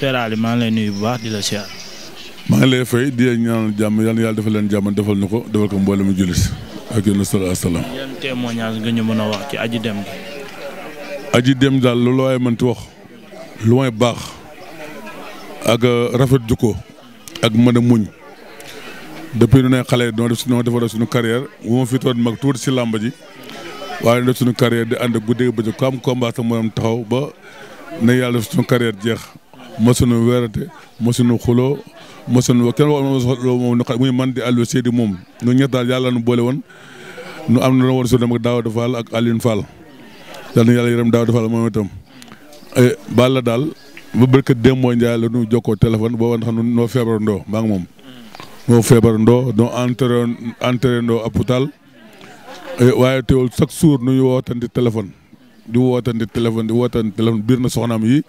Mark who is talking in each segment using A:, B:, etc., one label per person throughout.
A: Père Aly maa ngi lay la siyaar. maa ngi fay di leen ñaanal jàmm yal na yàlla defal leen jàmm defal na ko defal ko mboolem mu jullit ak yéen asalaam. yan témoignage nga ñu mën a wax ci aji dem bi. aji dem daal lu looy mënti wax lu may baax ak rafet jukko ak mën a muñ depuis nu ne xale noo def suñu dafa suñu carrière bu ma fi toon mag tuuti si làmb ji waaye def suñu carrière di ànd guddeeg bëccëg ku am combat sax taxaw ba ne yàlla def suñu carrière jeex mosuñu werante mosuñu xuloo mosuñu kenn waxloo moom naqar muy man di Aliou Seydi moom ñu ñett daal yàlla nu boole woon nu am na woon su dem ak Daouda Fall ak Alioune Fall yàlla yërëm eh, jokkoo téléphone boo xam ne noo feebarandoo maa ngi moom noo feebarandoo noo entré entré ndoo hôpital eh, waaye teewul chaque jour nuy wootandi téléphone di téléphone di wootandi téléphone biir na soxnaam yi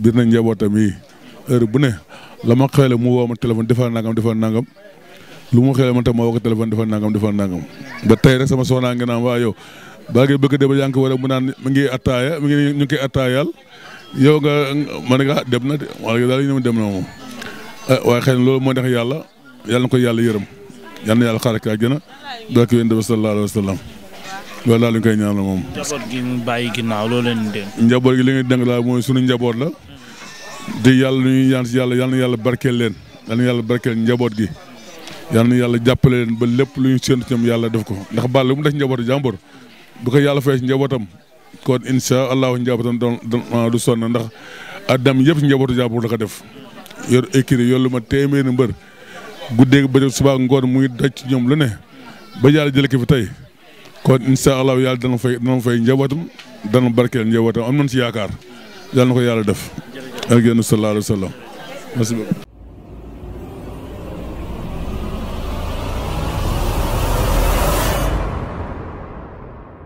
A: biir na njabootam yi heure bu ne la ma xëy mu woo ma téléphone defal nangam defal nangam lu mu xëy man tam ma ko téléphone defal nangam defal nangam ba tey rek sama soxnaa nga naan waa yow baa bëgg dem yaa ngi war a mu naan mu ngi attaaya mi ngi ñu ngi koy attaayaal yow nga ma ne nga ah, dem na de waaye daal ñu dem na moom eh, waaye xëy loolu moo tax yàlla yàlla na ko yàlla yërëm yàlla na yàlla xaaral ak àjjana barke yonent bi sallallahu alayhi wa sallam loolu daal lañ koy ñaanal moom. njaboot gi mu bàyyi ginnaaw loolu leen dénk. njaboot gi li nga dénk daal mooy sunu njaboot la. di yàlla nu ñuy ñaan si yàlla yal na yàlla barkeel leen yal na yàlla barkeel njaboot gi. yal na yàlla jàppale leen ba lépp lu ñu séntu ci ñoom yàlla def ko ndax Balla lu mu def njabootu jàmbur bu ko yàlla fay si njabootam kon incha allahu njabootam doon du sonn ndax adam yëpp si njabootu jàmbur la ko def. yor écrit yor lu ma téeméeri mbër guddeeg ba subaa ngoon muy daj ci ñoom lu ne ba yàlla jëlee ko fi tey kon incha allah yàlla dana fay dana fay njabootam dana barkeel njabootam am nañ ci yaakaar yàlla na ko yàlla def. jërëjëf ak yéen sallallahu alayhi wa sallam